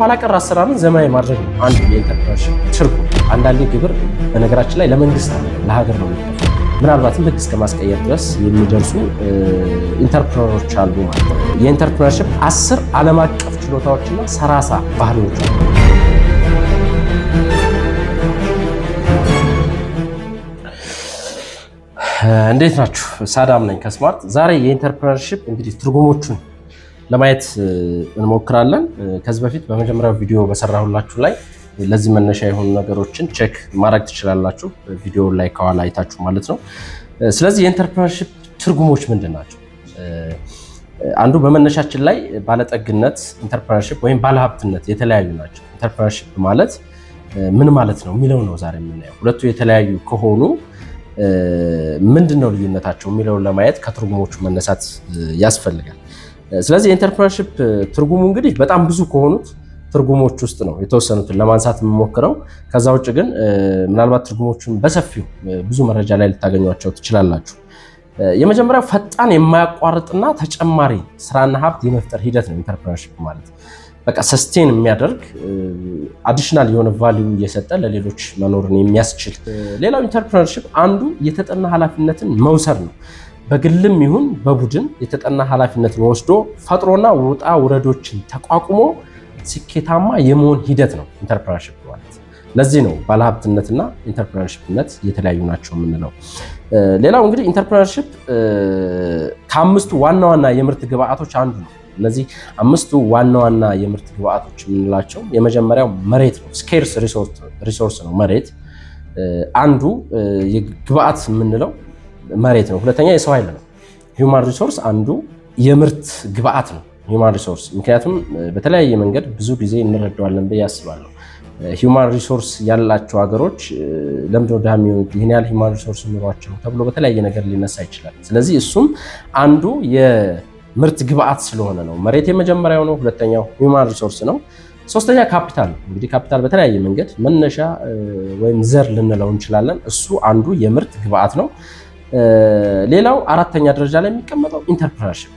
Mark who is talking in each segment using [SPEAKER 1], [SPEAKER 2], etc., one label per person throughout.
[SPEAKER 1] ኋላ ቀር አሰራርን ዘመናዊ ማድረግ ነው አንዱ የኢንተርፕረነርሺፕ ችርጉ። አንዳንዴ ግብር በነገራችን ላይ ለመንግስት ለሀገር ነው ምናልባትም ህግ እስከ ማስቀየር ድረስ የሚደርሱ ኢንተርፕረነሮች አሉ ማለት ነው። የኢንተርፕረነርሺፕ አስር ዓለም አቀፍ ችሎታዎችና ሰላሳ ባህሎች አሉ። እንዴት ናችሁ? ሳዳም ነኝ ከስማርት። ዛሬ የኢንተርፕረነርሺፕ እንግዲህ ትርጉሞቹን ለማየት እንሞክራለን። ከዚህ በፊት በመጀመሪያው ቪዲዮ በሰራሁላችሁ ላይ ለዚህ መነሻ የሆኑ ነገሮችን ቼክ ማድረግ ትችላላችሁ፣ ቪዲዮ ላይ ከኋላ አይታችሁ ማለት ነው። ስለዚህ የኢንተርፕረነርሺፕ ትርጉሞች ምንድን ናቸው? አንዱ በመነሻችን ላይ ባለጠግነት ኢንተርፕረነርሺፕ ወይም ባለሀብትነት የተለያዩ ናቸው። ኢንተርፕረነርሺፕ ማለት ምን ማለት ነው የሚለው ነው ዛሬ የምናየው። ሁለቱ የተለያዩ ከሆኑ ምንድን ነው ልዩነታቸው የሚለውን ለማየት ከትርጉሞቹ መነሳት ያስፈልጋል። ስለዚህ የኢንተርፕረነርሺፕ ትርጉሙ እንግዲህ በጣም ብዙ ከሆኑት ትርጉሞች ውስጥ ነው የተወሰኑትን ለማንሳት የምሞክረው። ከዛ ውጭ ግን ምናልባት ትርጉሞቹን በሰፊው ብዙ መረጃ ላይ ልታገኟቸው ትችላላችሁ። የመጀመሪያው ፈጣን የማያቋርጥና ተጨማሪ ስራና ሀብት የመፍጠር ሂደት ነው ኢንተርፕረነርሺፕ ማለት። በቃ ሰስቴን የሚያደርግ አዲሽናል የሆነ ቫሊዩ እየሰጠ ለሌሎች መኖርን የሚያስችል ሌላው ኢንተርፕረነርሺፕ አንዱ የተጠና ኃላፊነትን መውሰድ ነው። በግልም ይሁን በቡድን የተጠና ኃላፊነትን ወስዶ ፈጥሮና ውጣ ውረዶችን ተቋቁሞ ስኬታማ የመሆን ሂደት ነው ኢንተርፕረነርሺፕ ማለት። ለዚህ ነው ባለሀብትነትና ኢንተርፕረነርሺፕነት የተለያዩ ናቸው የምንለው። ሌላው እንግዲህ ኢንተርፕረነርሺፕ ከአምስቱ ዋና ዋና የምርት ግብአቶች አንዱ ነው። እነዚህ አምስቱ ዋና ዋና የምርት ግብአቶች የምንላቸው የመጀመሪያው መሬት ነው። ስኬርስ ሪሶርስ ነው መሬት። አንዱ ግብአት የምንለው መሬት ነው። ሁለተኛ የሰው ኃይል ነው። ሂውማን ሪሶርስ አንዱ የምርት ግብአት ነው ሂውማን ሪሶርስ። ምክንያቱም በተለያየ መንገድ ብዙ ጊዜ እንረዳዋለን ብዬ አስባለሁ። ሂውማን ሪሶርስ ያላቸው ሀገሮች ለምድ ወደ የሚሆኑት ይህን ያህል ሂውማን ሪሶርስ ኑሯቸው ተብሎ በተለያየ ነገር ሊነሳ ይችላል። ስለዚህ እሱም አንዱ የምርት ግብአት ስለሆነ ነው። መሬት የመጀመሪያው ነው። ሁለተኛው ሂውማን ሪሶርስ ነው። ሶስተኛ ካፒታል ነው። እንግዲህ ካፒታል በተለያየ መንገድ መነሻ ወይም ዘር ልንለው እንችላለን። እሱ አንዱ የምርት ግብአት ነው። ሌላው አራተኛ ደረጃ ላይ የሚቀመጠው ኢንተርፕረነርሺፕ።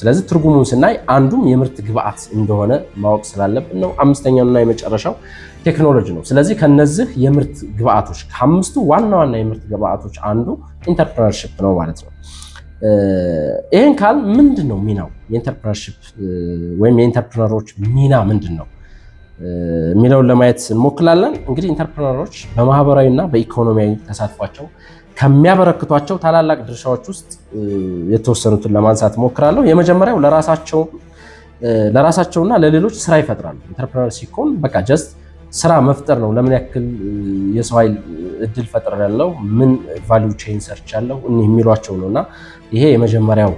[SPEAKER 1] ስለዚህ ትርጉሙን ስናይ አንዱም የምርት ግብዓት እንደሆነ ማወቅ ስላለብን ነው። አምስተኛውና የመጨረሻው ቴክኖሎጂ ነው። ስለዚህ ከነዚህ የምርት ግብዓቶች ከአምስቱ ዋና ዋና የምርት ግብዓቶች አንዱ ኢንተርፕረነርሺፕ ነው ማለት ነው። ይህን ካል ምንድን ነው ሚናው የኢንተርፕረነርሺፕ ወይም የኢንተርፕረነሮች ሚና ምንድን ነው የሚለውን ለማየት እንሞክላለን። እንግዲህ ኢንተርፕረነሮች በማህበራዊና በኢኮኖሚያዊ ተሳትፏቸው ከሚያበረክቷቸው ታላላቅ ድርሻዎች ውስጥ የተወሰኑትን ለማንሳት እሞክራለሁ። የመጀመሪያው ለራሳቸው ለራሳቸውና ለሌሎች ስራ ይፈጥራሉ። ኢንተርፕረነር ሲኮን በቃ ጀስት ስራ መፍጠር ነው። ለምን ያክል የሰው ኃይል እድል ፈጥር ያለው ምን ቫሉ ቼን ሰርች ያለው እኒህ የሚሏቸው ነው እና ይሄ የመጀመሪያው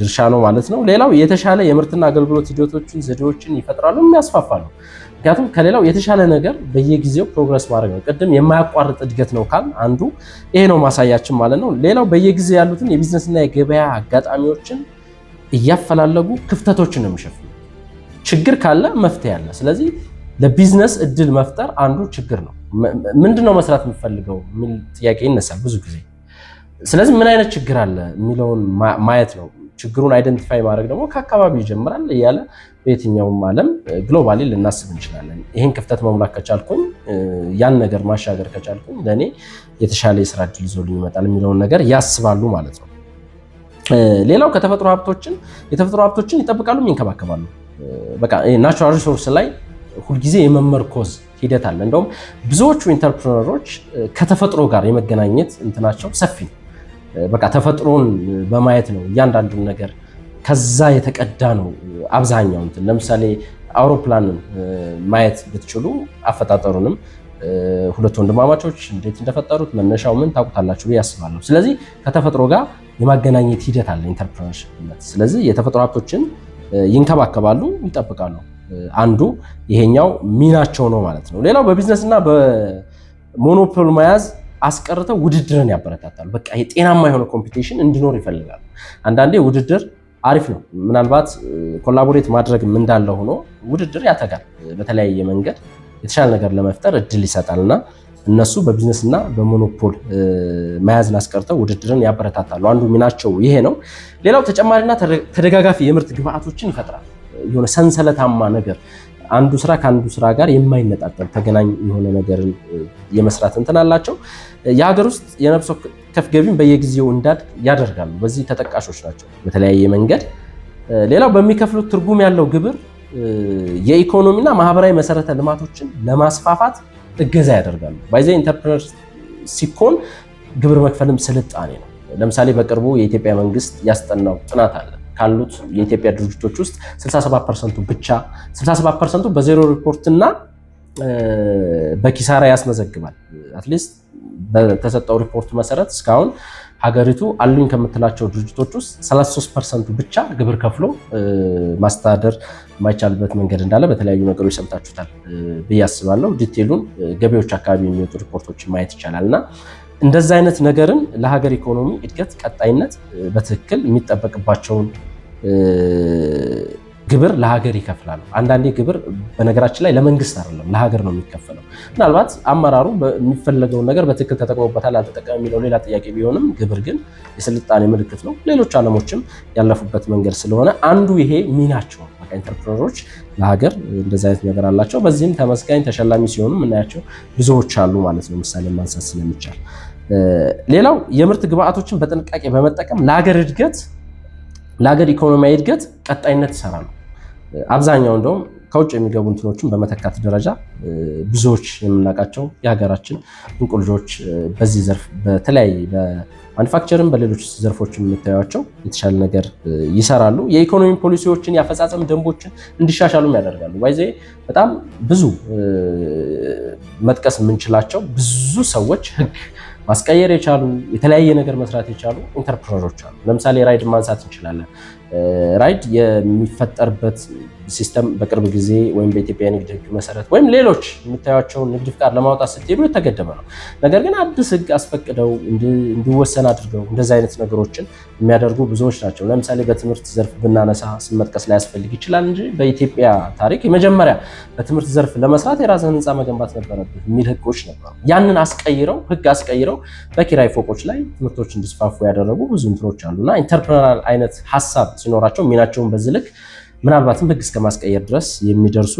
[SPEAKER 1] ድርሻ ነው ማለት ነው። ሌላው የተሻለ የምርትና አገልግሎት ሂደቶችን ዘዴዎችን ይፈጥራሉ፣ የሚያስፋፋሉ። ምክንያቱም ከሌላው የተሻለ ነገር በየጊዜው ፕሮግረስ ማድረግ ነው። ቅድም የማያቋርጥ እድገት ነው ካል አንዱ ይሄ ነው ማሳያችን ማለት ነው። ሌላው በየጊዜው ያሉትን የቢዝነስና የገበያ አጋጣሚዎችን እያፈላለጉ ክፍተቶችን ነው የሚሸፍኑ። ችግር ካለ መፍትሄ አለ። ስለዚህ ለቢዝነስ እድል መፍጠር አንዱ ችግር ነው። ምንድን ነው መስራት የምፈልገው የሚል ጥያቄ ይነሳል ብዙ ጊዜ። ስለዚህ ምን አይነት ችግር አለ የሚለውን ማየት ነው። ችግሩን አይደንቲፋይ ማድረግ ደግሞ ከአካባቢው ይጀምራል እያለ በየትኛውም ዓለም ግሎባሊ ልናስብ እንችላለን። ይህን ክፍተት መሙላት ከቻልኩኝ፣ ያን ነገር ማሻገር ከቻልኩኝ ለእኔ የተሻለ የስራ እድል ይዞልኝ ይመጣል የሚለውን ነገር ያስባሉ ማለት ነው። ሌላው ከተፈጥሮ ሀብቶችን የተፈጥሮ ሀብቶችን ይጠብቃሉ፣ ይንከባከባሉ። በቃ ናቹራል ሪሶርስ ላይ ሁልጊዜ የመመርኮዝ ሂደት አለ። እንደውም ብዙዎቹ ኢንተርፕረነሮች ከተፈጥሮ ጋር የመገናኘት እንትናቸው ሰፊ ነው። በቃ ተፈጥሮን በማየት ነው እያንዳንዱን ነገር ከዛ የተቀዳ ነው አብዛኛው እንትን። ለምሳሌ አውሮፕላንን ማየት ብትችሉ አፈጣጠሩንም ሁለት ወንድማማቾች እንዴት እንደፈጠሩት መነሻው ምን ታውቁታላችሁ ብዬ አስባለሁ። ስለዚህ ከተፈጥሮ ጋር የማገናኘት ሂደት አለ ኢንተርፕረነርሺፕነት። ስለዚህ የተፈጥሮ ሀብቶችን ይንከባከባሉ፣ ይጠብቃሉ። አንዱ ይሄኛው ሚናቸው ነው ማለት ነው። ሌላው በቢዝነስ እና በሞኖፖል መያዝ አስቀርተው ውድድርን ያበረታታሉ። በቃ የጤናማ የሆነ ኮምፒቴሽን እንዲኖር ይፈልጋሉ። አንዳንዴ ውድድር አሪፍ ነው። ምናልባት ኮላቦሬት ማድረግ እንዳለ ሆኖ ውድድር ያተጋል። በተለያየ መንገድ የተሻለ ነገር ለመፍጠር እድል ይሰጣል እና እነሱ በቢዝነስና በሞኖፖል መያዝን አስቀርተው ውድድርን ያበረታታሉ። አንዱ ሚናቸው ይሄ ነው። ሌላው ተጨማሪና ተደጋጋፊ የምርት ግብአቶችን ይፈጥራል። የሆነ ሰንሰለታማ ነገር አንዱ ስራ ከአንዱ ስራ ጋር የማይነጣጠል ተገናኝ የሆነ ነገርን የመስራት እንትን አላቸው። የሀገር ውስጥ የነፍስ ወከፍ ገቢን በየጊዜው እንዳድግ ያደርጋሉ። በዚህ ተጠቃሾች ናቸው በተለያየ መንገድ። ሌላው በሚከፍሉት ትርጉም ያለው ግብር የኢኮኖሚና ማህበራዊ መሰረተ ልማቶችን ለማስፋፋት እገዛ ያደርጋሉ። ባይዘ ኢንተርፕረነር ሲኮን ግብር መክፈልም ስልጣኔ ነው። ለምሳሌ በቅርቡ የኢትዮጵያ መንግስት ያስጠናው ጥናት አለ። ካሉት የኢትዮጵያ ድርጅቶች ውስጥ 67 ፐርሰንቱ ብቻ 67 ፐርሰንቱ በዜሮ ሪፖርትና በኪሳራ ያስመዘግባል አትሊስት በተሰጠው ሪፖርት መሰረት እስካሁን ሀገሪቱ አሉኝ ከምትላቸው ድርጅቶች ውስጥ 33 ፐርሰንቱ ብቻ ግብር ከፍሎ ማስተዳደር የማይቻልበት መንገድ እንዳለ በተለያዩ ነገሮች ሰምታችሁታል ብዬ አስባለሁ። ዲቴሉን ገቢዎች አካባቢ የሚወጡ ሪፖርቶችን ማየት ይቻላል እና እንደዛ አይነት ነገርን ለሀገር ኢኮኖሚ እድገት ቀጣይነት በትክክል የሚጠበቅባቸውን ግብር ለሀገር ይከፍላሉ። አንዳንዴ ግብር በነገራችን ላይ ለመንግስት አይደለም ለሀገር ነው የሚከፈለው። ምናልባት አመራሩ የሚፈለገውን ነገር በትክክል ተጠቅሞበታል አልተጠቀመ የሚለው ሌላ ጥያቄ ቢሆንም ግብር ግን የስልጣኔ ምልክት ነው። ሌሎች ዓለሞችም ያለፉበት መንገድ ስለሆነ አንዱ ይሄ ሚናቸው ኢንተርፕረነሮች ለሀገር እንደዚህ አይነት ነገር አላቸው። በዚህም ተመስጋኝ ተሸላሚ ሲሆኑ የምናያቸው ብዙዎች አሉ ማለት ነው ምሳሌ ማንሳት ስለሚቻል ሌላው የምርት ግብአቶችን በጥንቃቄ በመጠቀም ለሀገር እድገት ለሀገር ኢኮኖሚያዊ እድገት ቀጣይነት ይሰራሉ። አብዛኛው እንደውም ከውጭ የሚገቡ እንትኖችን በመተካት ደረጃ ብዙዎች የምናውቃቸው የሀገራችን እንቁ ልጆች በዚህ ዘርፍ በተለያየ በማኒፋክቸርም በሌሎች ዘርፎች የምታዩቸው የተሻለ ነገር ይሰራሉ። የኢኮኖሚ ፖሊሲዎችን የአፈጻጸም ደንቦችን እንዲሻሻሉም ያደርጋሉ። ይዘ በጣም ብዙ መጥቀስ የምንችላቸው ብዙ ሰዎች ህግ ማስቀየር የቻሉ የተለያየ ነገር መስራት የቻሉ ኢንተርፕረነሮች አሉ። ለምሳሌ ራይድ ማንሳት እንችላለን። ራይድ የሚፈጠርበት ሲስተም በቅርብ ጊዜ ወይም በኢትዮጵያ የንግድ ህግ መሰረት ወይም ሌሎች የምታያቸውን ንግድ ፍቃድ ለማውጣት ስትሄዱ የተገደበ ነው። ነገር ግን አዲስ ህግ አስፈቅደው እንዲወሰን አድርገው እንደዚህ አይነት ነገሮችን የሚያደርጉ ብዙዎች ናቸው። ለምሳሌ በትምህርት ዘርፍ ብናነሳ ስመጥቀስ መጥቀስ ላያስፈልግ ይችላል እንጂ በኢትዮጵያ ታሪክ የመጀመሪያ በትምህርት ዘርፍ ለመስራት የራዘ ህንፃ መገንባት ነበረብህ የሚል ህጎች ነበሩ። ያንን አስቀይረው ህግ አስቀይረው በኪራይ ፎቆች ላይ ትምህርቶች እንዲስፋፉ ያደረጉ ብዙ እንትኖች አሉና ኢንተርፕረናል አይነት ሀሳብ ሲኖራቸው ሚናቸውን በዚህ ልክ ምናልባትም ህግ እስከ ማስቀየር ድረስ የሚደርሱ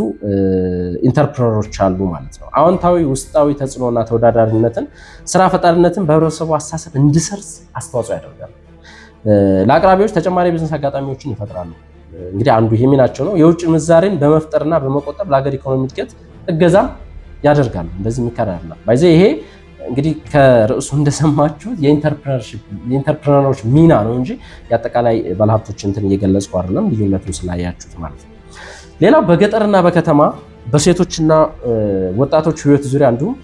[SPEAKER 1] ኢንተርፕረሮች አሉ ማለት ነው። አዎንታዊ ውስጣዊ ተጽዕኖና ተወዳዳሪነትን ስራ ፈጣሪነትን በህብረተሰቡ አስተሳሰብ እንዲሰርጽ አስተዋጽኦ ያደርጋል። ለአቅራቢዎች ተጨማሪ ቢዝነስ አጋጣሚዎችን ይፈጥራሉ። እንግዲህ አንዱ ይሄ ሚናቸው ነው። የውጭ ምንዛሬን በመፍጠርና በመቆጠብ ለሀገር ኢኮኖሚ እድገት እገዛም ያደርጋል። እንደዚህ የሚካድ አይደለም። ይሄ እንግዲህ ከርዕሱ እንደሰማችሁት የኢንተርፕረነሮች ሚና ነው እንጂ የአጠቃላይ ባለሀብቶች እንትን እየገለጽኩ አይደለም። ልዩነቱን ስላያችሁት ማለት ነው። ሌላው በገጠርና በከተማ በሴቶችና ወጣቶች ህይወት ዙሪያ እንዲሁም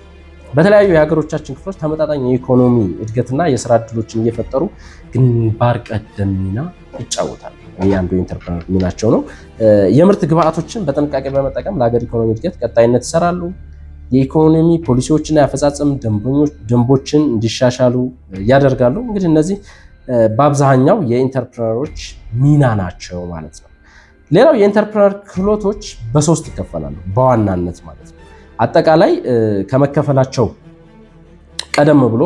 [SPEAKER 1] በተለያዩ የሀገሮቻችን ክፍሎች ተመጣጣኝ የኢኮኖሚ እድገትና የስራ እድሎችን እየፈጠሩ ግንባር ቀደም ሚና ይጫወታል። ይህ አንዱ ኢንተርፕረነር ሚናቸው ነው። የምርት ግብዓቶችን በጥንቃቄ በመጠቀም ለሀገር ኢኮኖሚ እድገት ቀጣይነት ይሰራሉ። የኢኮኖሚ ፖሊሲዎችና የአፈጻጸም ደንቦችን እንዲሻሻሉ ያደርጋሉ። እንግዲህ እነዚህ በአብዛኛው የኢንተርፕረነሮች ሚና ናቸው ማለት ነው። ሌላው የኢንተርፕረነር ክህሎቶች በሶስት ይከፈላሉ በዋናነት ማለት ነው። አጠቃላይ ከመከፈላቸው ቀደም ብሎ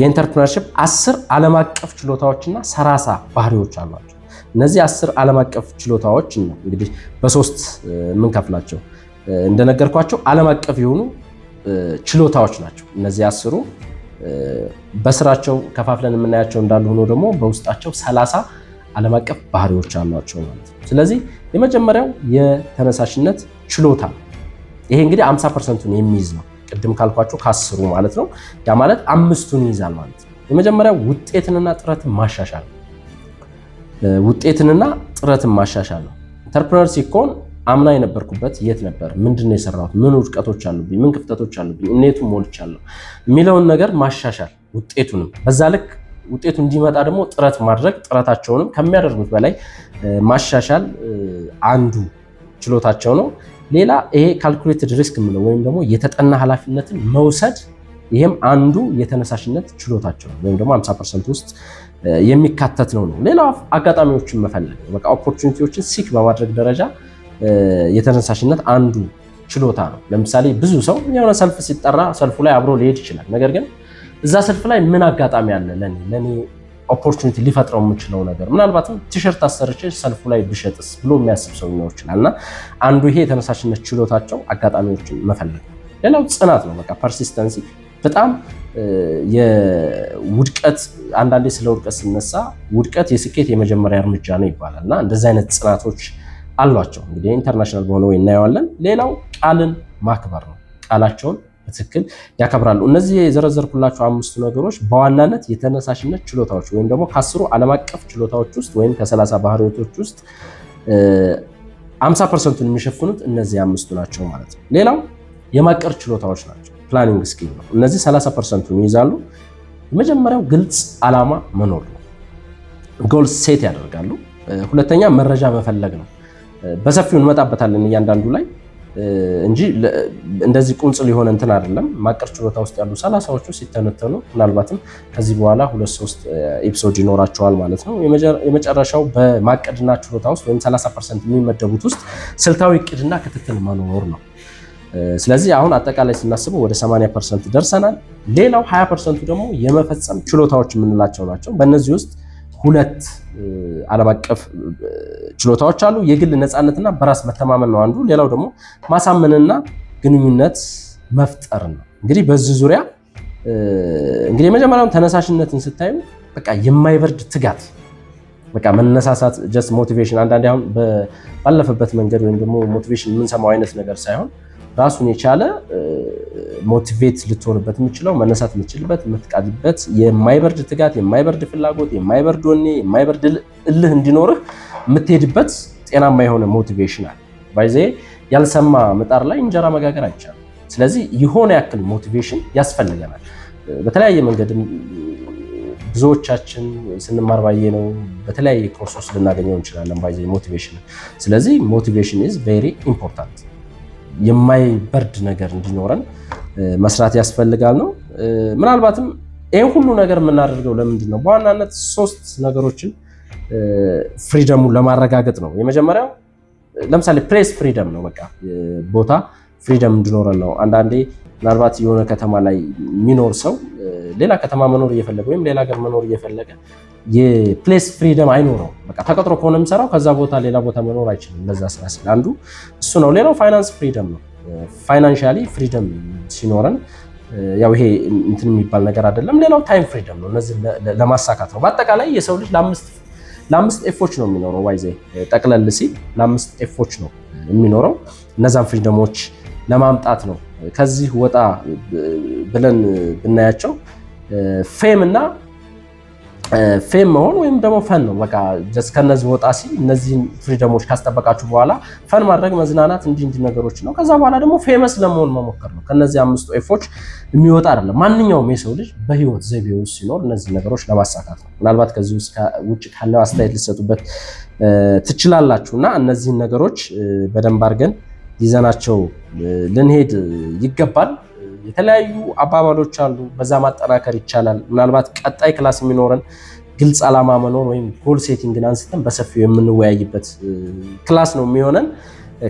[SPEAKER 1] የኢንተርፕረነርሽፕ አስር ዓለም አቀፍ ችሎታዎችና ሰላሳ ባህሪዎች አሏቸው። እነዚህ አስር ዓለም አቀፍ ችሎታዎች እንግዲህ በሶስት የምንከፍላቸው እንደነገርኳቸው ዓለም አቀፍ የሆኑ ችሎታዎች ናቸው። እነዚህ አስሩ በስራቸው ከፋፍለን የምናያቸው እንዳሉ ሆኖ ደግሞ በውስጣቸው ሰላሳ ዓለም አቀፍ ባህሪዎች አሏቸው ማለት ነው። ስለዚህ የመጀመሪያው የተነሳሽነት ችሎታ ይሄ እንግዲህ 50 ፐርሰንቱን የሚይዝ ነው። ቅድም ካልኳቸው ከአስሩ ማለት ነው። ያ ማለት አምስቱን ይይዛል ማለት ነው። የመጀመሪያው ውጤትንና ጥረትን ማሻሻል ውጤትንና ጥረትን ማሻሻል ነው። ኢንተርፕረነር ሲኮን አምና የነበርኩበት የት ነበር፣ ምንድን ነው የሰራሁት፣ ምን ውድቀቶች አሉብኝ፣ ምን ክፍተቶች አሉብኝ፣ እኔቱን ሞልቻለሁ የሚለውን ነገር ማሻሻል ውጤቱንም በዛ ልክ ውጤቱ እንዲመጣ ደግሞ ጥረት ማድረግ ጥረታቸውንም ከሚያደርጉት በላይ ማሻሻል አንዱ ችሎታቸው ነው። ሌላ ይሄ ካልኩሌትድ ሪስክ የምለው ወይም ደግሞ የተጠና ኃላፊነትን መውሰድ ይህም አንዱ የተነሳሽነት ችሎታቸው ወይም ደግሞ 50 ፐርሰንት ውስጥ የሚካተት ነው ነው። ሌላ አጋጣሚዎችን መፈለግ በቃ ኦፖርቹኒቲዎችን ሲክ በማድረግ ደረጃ የተነሳሽነት አንዱ ችሎታ ነው። ለምሳሌ ብዙ ሰው የሆነ ሰልፍ ሲጠራ ሰልፉ ላይ አብሮ ሊሄድ ይችላል። ነገር ግን እዛ ሰልፍ ላይ ምን አጋጣሚ አለ ለኔ ለኔ ኦፖርቹኒቲ ሊፈጥረው የምችለው ነገር ምናልባትም ቲሸርት አሰርቼ ሰልፉ ላይ ብሸጥስ ብሎ የሚያስብ ሰው ሊኖር ይችላል። እና አንዱ ይሄ የተነሳሽነት ችሎታቸው አጋጣሚዎችን መፈለግ። ሌላው ጽናት ነው። በቃ ፐርሲስተንሲ በጣም የውድቀት አንዳንዴ ስለ ውድቀት ሲነሳ ውድቀት የስኬት የመጀመሪያ እርምጃ ነው ይባላል እና እንደዚህ አይነት ጽናቶች አሏቸው። እንግዲህ ኢንተርናሽናል በሆነ ወይ እናየዋለን። ሌላው ቃልን ማክበር ነው። ቃላቸውን በትክክል ያከብራሉ። እነዚህ የዘረዘርኩላቸው አምስቱ ነገሮች በዋናነት የተነሳሽነት ችሎታዎች ወይም ደግሞ ከአስሩ ዓለም አቀፍ ችሎታዎች ውስጥ ወይም ከሰላሳ ባህሪዎቶች ውስጥ አምሳ ፐርሰንቱን የሚሸፍኑት እነዚህ አምስቱ ናቸው ማለት ነው። ሌላው የማቀር ችሎታዎች ናቸው። ፕላኒንግ ስኪል ነው። እነዚህ ሰላሳ ፐርሰንቱን ይይዛሉ። የመጀመሪያው ግልጽ ዓላማ መኖር ነው። ጎል ሴት ያደርጋሉ። ሁለተኛ መረጃ መፈለግ ነው። በሰፊው እንመጣበታለን እያንዳንዱ ላይ እንጂ እንደዚህ ቁንጽል የሆነ እንትን አይደለም። ማቀር ችሎታ ውስጥ ያሉ ሰላሳዎቹ ሲተነተኑ ምናልባትም ከዚህ በኋላ ሁለት ሶስት ኤፒሶድ ይኖራቸዋል ማለት ነው። የመጨረሻው በማቀድና ችሎታ ውስጥ ወይም 30 ፐርሰንት የሚመደቡት ውስጥ ስልታዊ እቅድና ክትትል መኖር ነው። ስለዚህ አሁን አጠቃላይ ስናስበው ወደ 80 ፐርሰንት ደርሰናል። ሌላው 20 ፐርሰንቱ ደግሞ የመፈጸም ችሎታዎች የምንላቸው ናቸው። በእነዚህ ውስጥ ሁለት ዓለም አቀፍ ችሎታዎች አሉ። የግል ነፃነትና በራስ መተማመን ነው አንዱ። ሌላው ደግሞ ማሳመንና ግንኙነት መፍጠር ነው። እንግዲህ በዚህ ዙሪያ እንግዲህ የመጀመሪያውን ተነሳሽነትን ስታዩ በቃ የማይበርድ ትጋት በቃ መነሳሳት ጀስት ሞቲቬሽን አንዳንዴ አሁን ባለፈበት መንገድ ወይም ደግሞ ሞቲቬሽን የምንሰማው አይነት ነገር ሳይሆን ራሱን የቻለ ሞቲቬት ልትሆንበት የምችለው መነሳት የምችልበት የምትቃዝበት የማይበርድ ትጋት፣ የማይበርድ ፍላጎት፣ የማይበርድ ወኔ፣ የማይበርድ እልህ እንዲኖርህ የምትሄድበት ጤናማ የሆነ ሞቲቬሽን አለ። ባይዜ ያልሰማ ምጣድ ላይ እንጀራ መጋገር አይቻልም። ስለዚህ የሆነ ያክል ሞቲቬሽን ያስፈልገናል። በተለያየ መንገድ ብዙዎቻችን ስንማር ባየ ነው። በተለያየ ኮርስ ውስጥ ልናገኘው እንችላለን ባይዜ ሞቲቬሽን። ስለዚህ ሞቲቬሽን ኢዝ ቬሪ ኢምፖርታንት የማይበርድ ነገር እንዲኖረን መስራት ያስፈልጋል ነው። ምናልባትም ይህን ሁሉ ነገር የምናደርገው ለምንድን ነው? በዋናነት ሶስት ነገሮችን ፍሪደሙን ለማረጋገጥ ነው። የመጀመሪያው ለምሳሌ ፕሬስ ፍሪደም ነው። በቃ ቦታ ፍሪደም እንዲኖረን ነው። አንዳንዴ ምናልባት የሆነ ከተማ ላይ የሚኖር ሰው ሌላ ከተማ መኖር እየፈለገ ወይም ሌላ ሀገር መኖር እየፈለገ የፕሌስ ፍሪደም አይኖረው። በቃ ተቀጥሮ ከሆነ የሚሰራው ከዛ ቦታ ሌላ ቦታ መኖር አይችልም። ለዛ ስራ ሲል አንዱ እሱ ነው። ሌላው ፋይናንስ ፍሪደም ነው። ፋይናንሻሊ ፍሪደም ሲኖረን ያው ይሄ እንትን የሚባል ነገር አይደለም። ሌላው ታይም ፍሪደም ነው። እነዚህ ለማሳካት ነው። በአጠቃላይ የሰው ልጅ ለአምስት ኤፎች ነው የሚኖረው። ዋይዜ ጠቅለል ሲል ለአምስት ኤፎች ነው የሚኖረው። እነዛን ፍሪደሞች ለማምጣት ነው። ከዚህ ወጣ ብለን ብናያቸው ፌም እና ፌም መሆን ወይም ደግሞ ፈን ነው። በቃ ጀስት ከነዚህ ወጣ ሲል እነዚህን ፍሪደሞች ካስጠበቃችሁ በኋላ ፈን ማድረግ መዝናናት፣ እንዲህ እንዲህ ነገሮች ነው። ከዛ በኋላ ደግሞ ፌመስ ለመሆን መሞከር ነው። ከነዚህ አምስቱ ኤፎች የሚወጣ አይደለም። ማንኛውም የሰው ልጅ በህይወት ዘይቤ ውስጥ ሲኖር እነዚህ ነገሮች ለማሳካት ነው። ምናልባት ከዚህ ውጭ ካለው አስተያየት ልሰጡበት ትችላላችሁ እና እነዚህን ነገሮች በደንብ አድርገን ይዘናቸው ልንሄድ ይገባል። የተለያዩ አባባሎች አሉ። በዛ ማጠናከር ይቻላል። ምናልባት ቀጣይ ክላስ የሚኖረን ግልጽ ዓላማ መኖር ወይም ጎል ሴቲንግን አንስተን በሰፊው የምንወያይበት ክላስ ነው የሚሆነን።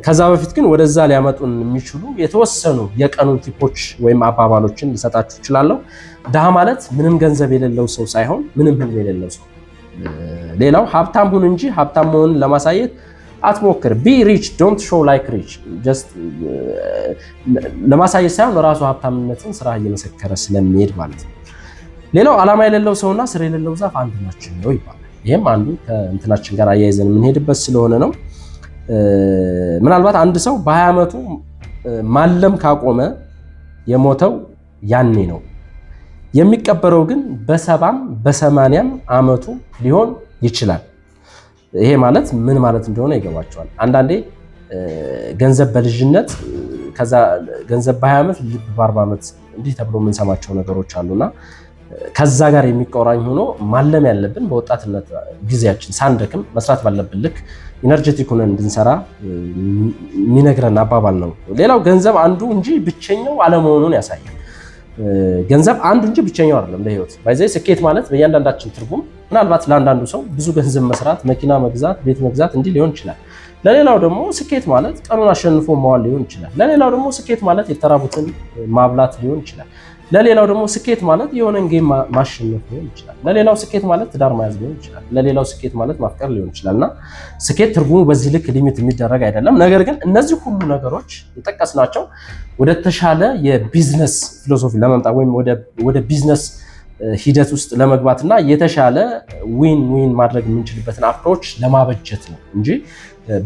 [SPEAKER 1] ከዛ በፊት ግን ወደዛ ሊያመጡን የሚችሉ የተወሰኑ የቀኑ ቲፖች ወይም አባባሎችን ልሰጣችሁ እችላለሁ። ድሃ ማለት ምንም ገንዘብ የሌለው ሰው ሳይሆን ምንም ህልም የሌለው ሰው። ሌላው ሀብታም ሁን እንጂ ሀብታም መሆንን ለማሳየት አትሞክር። ቢ ሪች ዶንት ሾው ላይክ ሪች። ለማሳየት ሳይሆን ለራሱ ሀብታምነትን ስራ እየመሰከረ ስለሚሄድ ማለት ነው። ሌላው ዓላማ የሌለው ሰውና ስራ የሌለው ዛፍ አንድ ናቸው ነው ይባላል። ይህም አንዱ ከእንትናችን ጋር አያይዘን የምንሄድበት ስለሆነ ነው። ምናልባት አንድ ሰው በ በ20 ዓመቱ ማለም ካቆመ የሞተው ያኔ ነው። የሚቀበረው ግን በሰባም በሰማንያም ዓመቱ ሊሆን ይችላል። ይሄ ማለት ምን ማለት እንደሆነ ይገባቸዋል። አንዳንዴ ገንዘብ በልጅነት ከዛ ገንዘብ በ20 ዓመት ልብ በ40 ዓመት እንዲህ ተብሎ የምንሰማቸው ነገሮች አሉና ከዛ ጋር የሚቆራኝ ሆኖ ማለም ያለብን በወጣትነት ጊዜያችን ሳንደክም መስራት ባለብን ልክ ኢነርጀቲክ ሆነን እንድንሰራ የሚነግረን አባባል ነው። ሌላው ገንዘብ አንዱ እንጂ ብቸኛው አለመሆኑን ያሳያል። ገንዘብ አንዱ እንጂ ብቸኛው አይደለም ለህይወት። ባይዘይ ስኬት ማለት በእያንዳንዳችን ትርጉም ምናልባት ለአንዳንዱ ሰው ብዙ ገንዘብ መስራት፣ መኪና መግዛት፣ ቤት መግዛት እንዲህ ሊሆን ይችላል። ለሌላው ደግሞ ስኬት ማለት ቀኑን አሸንፎ መዋል ሊሆን ይችላል። ለሌላው ደግሞ ስኬት ማለት የተራቡትን ማብላት ሊሆን ይችላል። ለሌላው ደግሞ ስኬት ማለት የሆነን ጌም ማሸነፍ ሊሆን ይችላል። ለሌላው ስኬት ማለት ትዳር መያዝ ሊሆን ይችላል። ለሌላው ስኬት ማለት ማፍቀር ሊሆን ይችላል እና ስኬት ትርጉሙ በዚህ ልክ ሊሚት የሚደረግ አይደለም። ነገር ግን እነዚህ ሁሉ ነገሮች የጠቀስናቸው ወደ ተሻለ የቢዝነስ ፊሎሶፊ ለመምጣት ወይም ወደ ቢዝነስ ሂደት ውስጥ ለመግባት እና የተሻለ ዊን ዊን ማድረግ የምንችልበትን አፕሮች ለማበጀት ነው እንጂ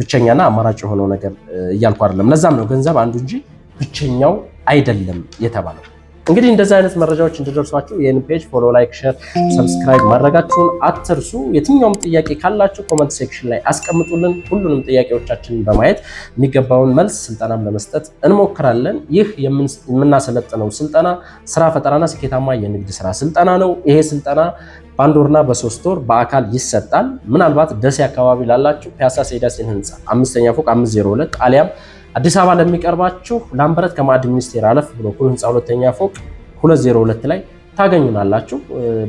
[SPEAKER 1] ብቸኛና አማራጭ የሆነው ነገር እያልኩ አይደለም። ለዛም ነው ገንዘብ አንዱ እንጂ ብቸኛው አይደለም የተባለው። እንግዲህ እንደዚህ አይነት መረጃዎች እንዲደርሷችሁ ይህን ፔጅ ፎሎ፣ ላይክ፣ ሼር፣ ሰብስክራይብ ማድረጋችሁን አትርሱ። የትኛውም ጥያቄ ካላችሁ ኮመንት ሴክሽን ላይ አስቀምጡልን። ሁሉንም ጥያቄዎቻችንን በማየት የሚገባውን መልስ ስልጠናም ለመስጠት እንሞክራለን። ይህ የምናሰለጥነው ስልጠና ስራ ፈጠራና ስኬታማ የንግድ ስራ ስልጠና ነው። ይሄ ስልጠና በአንድ ወርና በሶስት ወር በአካል ይሰጣል። ምናልባት ደሴ አካባቢ ላላችሁ ፒያሳ ሴዳሴን ህንፃ አምስተኛ ፎቅ 502 አሊያም አዲስ አበባ ለሚቀርባችሁ ላምበረት ከማዕድን ሚኒስቴር አለፍ ብሎ ኩል ህንፃ ሁለተኛ ፎቅ 202 ላይ ታገኙናላችሁ።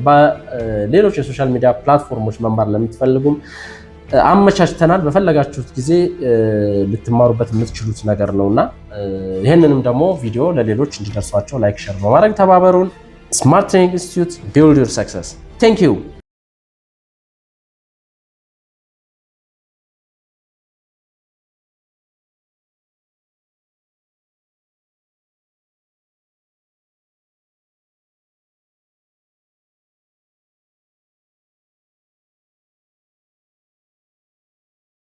[SPEAKER 1] በሌሎች የሶሻል ሚዲያ ፕላትፎርሞች መማር ለምትፈልጉም አመቻችተናል። በፈለጋችሁት ጊዜ ልትማሩበት የምትችሉት ነገር ነውና ይህንንም ደግሞ ቪዲዮ ለሌሎች እንዲደርሷቸው ላይክ፣ ሸር በማድረግ ተባበሩን። ስማርት ትሬኒንግ ኢንስቲትዩት ቢልድ ዩር ሰክሰስ። ቴንክ ዩ